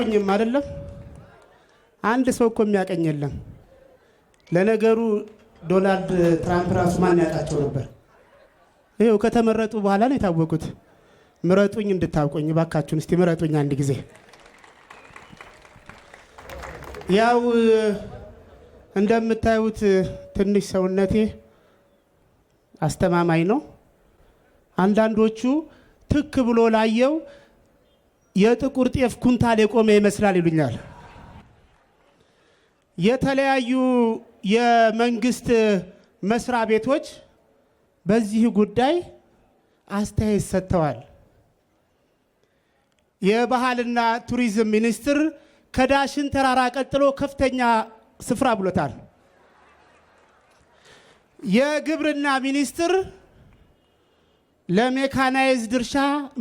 አያቀኝም አይደለም። አንድ ሰው እኮ የሚያቀኝ የለም። ለነገሩ ዶናልድ ትራምፕ ራሱ ማን ያውቃቸው ነበር? ይሄው ከተመረጡ በኋላ ነው የታወቁት። ምረጡኝ እንድታውቁኝ ባካችሁን፣ እስቲ ምረጡኝ አንድ ጊዜ። ያው እንደምታዩት ትንሽ ሰውነቴ አስተማማኝ ነው። አንዳንዶቹ ትክ ብሎ ላየው የጥቁር ጤፍ ኩንታል የቆመ ይመስላል ይሉኛል። የተለያዩ የመንግስት መስሪያ ቤቶች በዚህ ጉዳይ አስተያየት ሰጥተዋል። የባህልና ቱሪዝም ሚኒስትር ከዳሽን ተራራ ቀጥሎ ከፍተኛ ስፍራ ብሎታል። የግብርና ሚኒስትር ለሜካናይዝድ እርሻ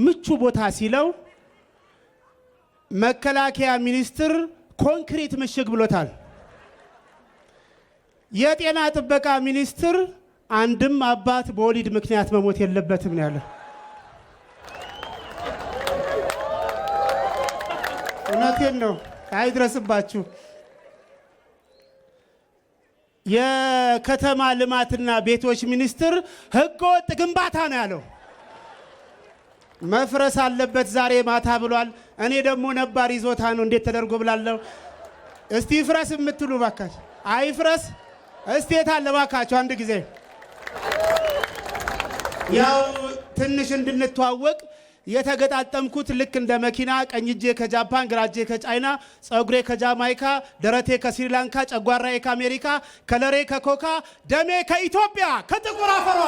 ምቹ ቦታ ሲለው መከላከያ ሚኒስትር ኮንክሪት ምሽግ ብሎታል። የጤና ጥበቃ ሚኒስትር አንድም አባት በወሊድ ምክንያት መሞት የለበትም ነው ያለው። እውነቴን ነው። አይድረስባችሁ። የከተማ ልማትና ቤቶች ሚኒስትር ህገወጥ ግንባታ ነው ያለው። መፍረስ አለበት ዛሬ ማታ ብሏል። እኔ ደግሞ ነባር ይዞታ ነው እንዴት ተደርጎ ብላለሁ። እስቲ ፍረስ የምትሉ ባካች አይፍረስ እስቲ የታለ ባካችሁ። አንድ ጊዜ ያው ትንሽ እንድንተዋወቅ የተገጣጠምኩት ልክ እንደ መኪና ቀኝ እጄ ከጃፓን፣ ግራ እጄ ከቻይና፣ ጸጉሬ ከጃማይካ፣ ደረቴ ከስሪላንካ፣ ጨጓራዬ ከአሜሪካ፣ ከለሬ ከኮካ፣ ደሜ ከኢትዮጵያ ከጥቁር አፈሯ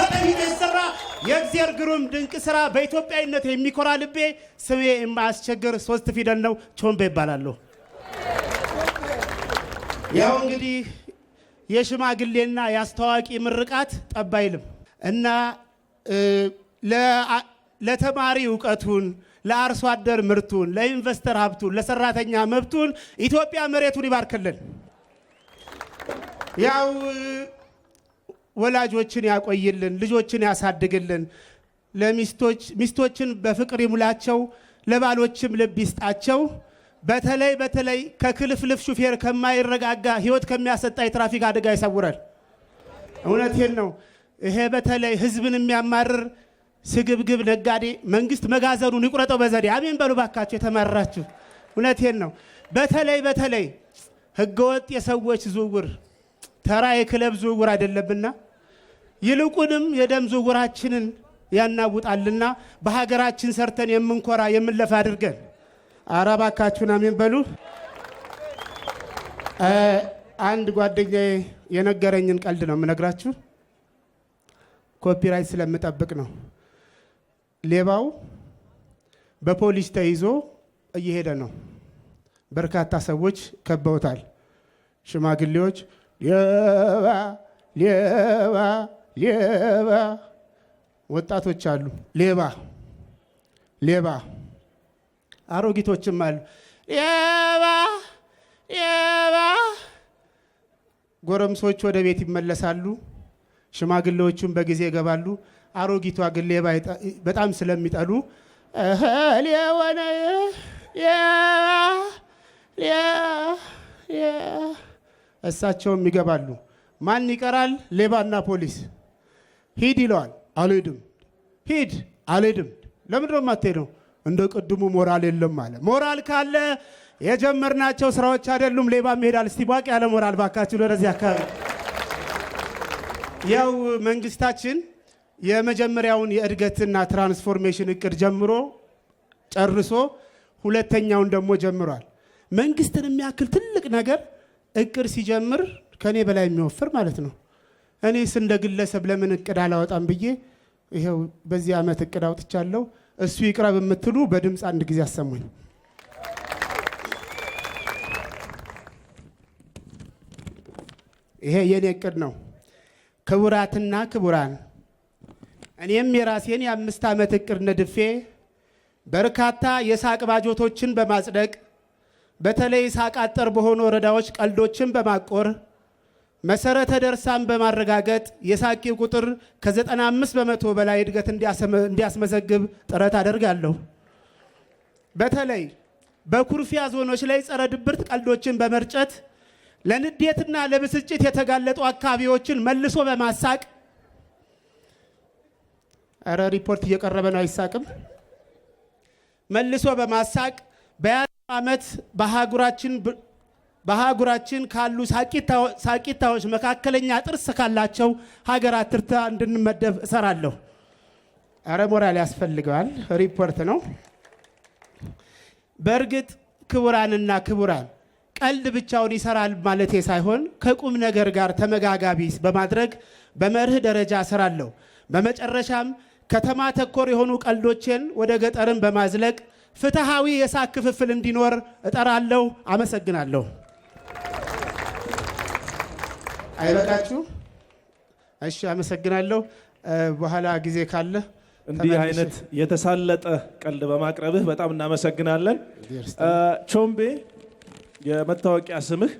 ተቀኝቶ የተሰራ የእግዚአብሔር ግሩም ድንቅ ስራ በኢትዮጵያዊነት የሚኮራ ልቤ ስሜ የማያስቸግር ሶስት ፊደል ነው። ቾምቤ ይባላለሁ። ያው እንግዲህ የሽማግሌና የአስታዋቂ ምርቃት ጠብ አይልም እና ለተማሪ እውቀቱን ለአርሶ አደር ምርቱን፣ ለኢንቨስተር ሀብቱን፣ ለሰራተኛ መብቱን ኢትዮጵያ መሬቱን ይባርክልን። ያው ወላጆችን ያቆይልን፣ ልጆችን ያሳድግልን። ለሚስቶች ሚስቶችን በፍቅር ይሙላቸው፣ ለባሎችም ልብ ይስጣቸው። በተለይ በተለይ ከክልፍልፍ ሹፌር ከማይረጋጋ ህይወት ከሚያሰጣ የትራፊክ አደጋ ይሰውረን። እውነቴን ነው። ይሄ በተለይ ህዝብን የሚያማርር ስግብግብ ነጋዴ መንግስት መጋዘኑን ይቁረጠው በዘዴ። አሜን በሉ ባካችሁ የተመራችሁ። እውነቴን ነው። በተለይ በተለይ ህገወጥ የሰዎች ዝውውር ተራ የክለብ ዝውውር አይደለምና ይልቁንም የደም ዝውውራችንን ያናውጣልና በሀገራችን ሰርተን የምንኮራ የምንለፍ አድርገን አረባካችሁን አሜን በሉ። አንድ ጓደኛ የነገረኝን ቀልድ ነው የምነግራችሁ። ኮፒራይት ስለምጠብቅ ነው። ሌባው በፖሊስ ተይዞ እየሄደ ነው። በርካታ ሰዎች ከበውታል። ሽማግሌዎች ሌባ ሌባ ሌባ ወጣቶች አሉ። ሌባ ሌባ አሮጊቶችም አሉ። ሌባ ሌባ ጎረምሶች ወደ ቤት ይመለሳሉ። ሽማግሌዎቹም በጊዜ ይገባሉ። አሮጊቷ ግን ሌባ በጣም ስለሚጠሉ ሌወነ እሳቸውም ይገባሉ። ማን ይቀራል? ሌባና ፖሊስ ሂድ ይለዋል። አልሄድም። ሂድ አልሄድም። ለምንድነው የማትሄደው? እንደ ቅድሙ ሞራል የለም አለ። ሞራል ካለ የጀመርናቸው ስራዎች አይደሉም። ሌባም ይሄዳል። እስቲ ቧቅ ያለ ሞራል ባካችሁ ለረዚህ አካባቢ። ያው መንግስታችን የመጀመሪያውን የእድገትና ትራንስፎርሜሽን እቅድ ጀምሮ ጨርሶ ሁለተኛውን ደግሞ ጀምሯል። መንግስትን የሚያክል ትልቅ ነገር እቅድ ሲጀምር ከኔ በላይ የሚወፍር ማለት ነው እኔስ እንደ ግለሰብ ለምን እቅድ አላወጣም ብዬ ይኸው በዚህ ዓመት እቅድ አውጥቻለሁ። እሱ ይቅረብ የምትሉ በድምፅ አንድ ጊዜ አሰሙኝ። ይሄ የኔ እቅድ ነው። ክቡራትና ክቡራን፣ እኔም የራሴን የአምስት ዓመት እቅድ ነድፌ በርካታ የሳቅ ባጆቶችን በማጽደቅ በተለይ ሳቅ አጠር በሆኑ ወረዳዎች ቀልዶችን በማቆር መሰረተ ደርሳን በማረጋገጥ የሳቂ ቁጥር ከ95 በመቶ በላይ እድገት እንዲያስመዘግብ ጥረት አደርጋለሁ። በተለይ በኩርፊያ ዞኖች ላይ ጸረ ድብርት ቀልዶችን በመርጨት ለንዴትና ለብስጭት የተጋለጡ አካባቢዎችን መልሶ በማሳቅ እረ ሪፖርት እየቀረበ ነው አይሳቅም። መልሶ በማሳቅ በያዘው ዓመት በሀገራችን በአህጉራችን ካሉ ሳቂታዎች መካከለኛ ጥርስ ካላቸው ሀገራት ትርታ እንድንመደብ እሰራለሁ። አረ ሞራል ያስፈልገዋል። ሪፖርት ነው። በእርግጥ ክቡራንና ክቡራን ቀልድ ብቻውን ይሰራል ማለቴ ሳይሆን ከቁም ነገር ጋር ተመጋጋቢ በማድረግ በመርህ ደረጃ እሰራለሁ። በመጨረሻም ከተማ ተኮር የሆኑ ቀልዶችን ወደ ገጠርን በማዝለቅ ፍትሃዊ የሳቅ ክፍፍል እንዲኖር እጠራለሁ። አመሰግናለሁ። አይበቃችሁ? እሺ፣ አመሰግናለሁ። በኋላ ጊዜ ካለ እንዲህ አይነት የተሳለጠ ቀልድ በማቅረብህ በጣም እናመሰግናለን። ቾምቤ፣ የመታወቂያ ስምህ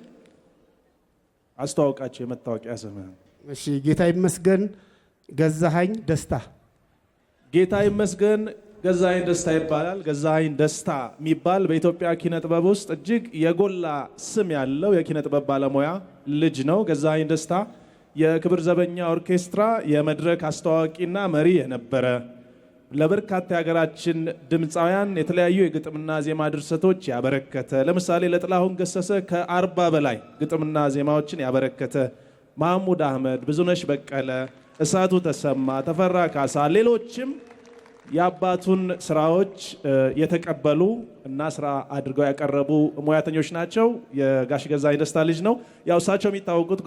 አስተዋውቃቸው። የመታወቂያ ስምህ? እሺ፣ ጌታ ይመስገን ገዛሃኝ ደስታ። ጌታ ይመስገን ገዛኸኝ ደስታ ይባላል። ገዛኸኝ ደስታ የሚባል በኢትዮጵያ ኪነ ጥበብ ውስጥ እጅግ የጎላ ስም ያለው የኪነ ጥበብ ባለሙያ ልጅ ነው። ገዛኸኝ ደስታ የክብር ዘበኛ ኦርኬስትራ የመድረክ አስተዋዋቂና መሪ የነበረ ለበርካታ የሀገራችን ድምፃውያን የተለያዩ የግጥምና ዜማ ድርሰቶች ያበረከተ፣ ለምሳሌ ለጥላሁን ገሰሰ ከአርባ በላይ ግጥምና ዜማዎችን ያበረከተ፣ ማሙድ አህመድ፣ ብዙነሽ በቀለ፣ እሳቱ ተሰማ፣ ተፈራ ካሳ ሌሎችም የአባቱን ስራዎች የተቀበሉ እና ስራ አድርገው ያቀረቡ ሙያተኞች ናቸው። የጋሽ ገዛኝ ደስታ ልጅ ነው። ያው እሳቸው የሚታወቁት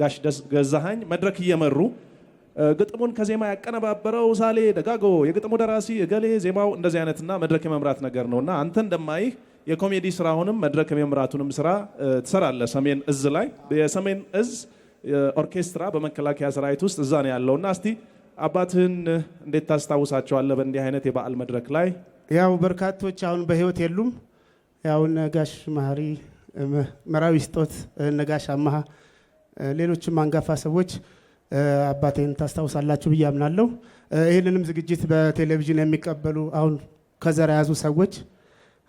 ጋሽ ገዛኸኝ መድረክ እየመሩ ግጥሙን ከዜማ ያቀነባበረው ሳሌ ደጋጎ፣ የግጥሙ ደራሲ እገሌ፣ ዜማው እንደዚህ አይነትና መድረክ የመምራት ነገር ነው እና አንተ እንደማይህ የኮሜዲ ስራውንም መድረክ የመምራቱንም ስራ ትሰራለህ። ሰሜን እዝ ላይ የሰሜን እዝ ኦርኬስትራ በመከላከያ ሰራዊት ውስጥ እዛ ነው ያለው እና እስቲ አባትህን እንዴት ታስታውሳቸዋለህ በእንዲህ አይነት የበዓል መድረክ ላይ? ያው በርካቶች አሁን በህይወት የሉም። ያው ነጋሽ ማህሪ፣ መራዊ ስጦት፣ ነጋሽ አመሀ፣ ሌሎችም አንጋፋ ሰዎች አባቴን ታስታውሳላችሁ ብዬ አምናለሁ። ይህንንም ዝግጅት በቴሌቪዥን የሚቀበሉ አሁን ከዘር የያዙ ሰዎች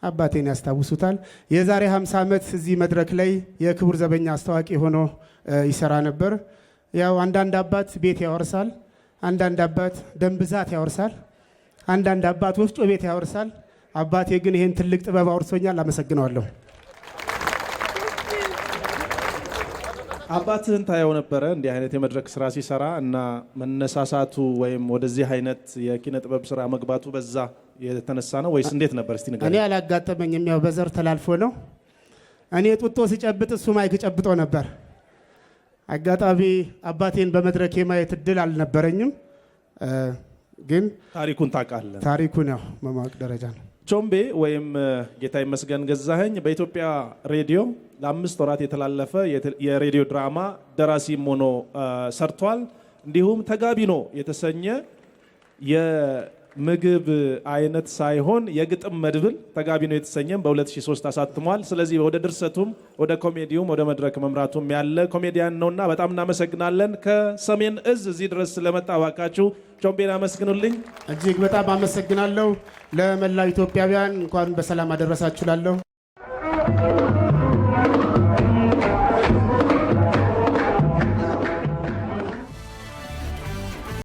አባቴን ያስታውሱታል። የዛሬ 50 ዓመት እዚህ መድረክ ላይ የክቡር ዘበኛ አስታዋቂ ሆኖ ይሰራ ነበር። ያው አንዳንድ አባት ቤት ያወርሳል አንዳንድ አባት ደም ብዛት ያወርሳል፣ አንዳንድ አባት ወፍጮ ቤት ያወርሳል። አባቴ ግን ይህን ትልቅ ጥበብ አውርሶኛል። አመሰግነዋለሁ። አባትህን ታየው ነበረ እንዲህ አይነት የመድረክ ስራ ሲሰራ እና መነሳሳቱ ወይም ወደዚህ አይነት የኪነ ጥበብ ስራ መግባቱ በዛ የተነሳ ነው ወይስ እንዴት ነበር? እስቲ ንገረኝ። እኔ አላጋጠመኝም፣ ያው በዘር ተላልፎ ነው። እኔ ጡጦ ሲጨብጥ እሱ ማይክ ጨብጦ ነበር። አጋጣሚ አባቴን በመድረክ የማየት እድል አልነበረኝም። ግን ታሪኩን ታውቃለህ። ታሪኩን ያው መማቅ ደረጃ ነው። ቾምቤ ወይም ጌታ ይመስገን ገዛኸኝ በኢትዮጵያ ሬዲዮ ለአምስት ወራት የተላለፈ የሬዲዮ ድራማ ደራሲም ሆኖ ሰርቷል። እንዲሁም ተጋቢኖ የተሰኘ ምግብ አይነት ሳይሆን የግጥም መድብል ተጋቢ ነው የተሰኘም በ2003 አሳትሟል። ስለዚህ ወደ ድርሰቱም ወደ ኮሜዲውም ወደ መድረክ መምራቱም ያለ ኮሜዲያን ነውና በጣም እናመሰግናለን። ከሰሜን እዝ እዚህ ድረስ ስለመጣ ባካችሁ ቾምቤን አመስግኑልኝ። እጅግ በጣም አመሰግናለሁ። ለመላው ኢትዮጵያውያን እንኳን በሰላም አደረሳችሁ ላለሁ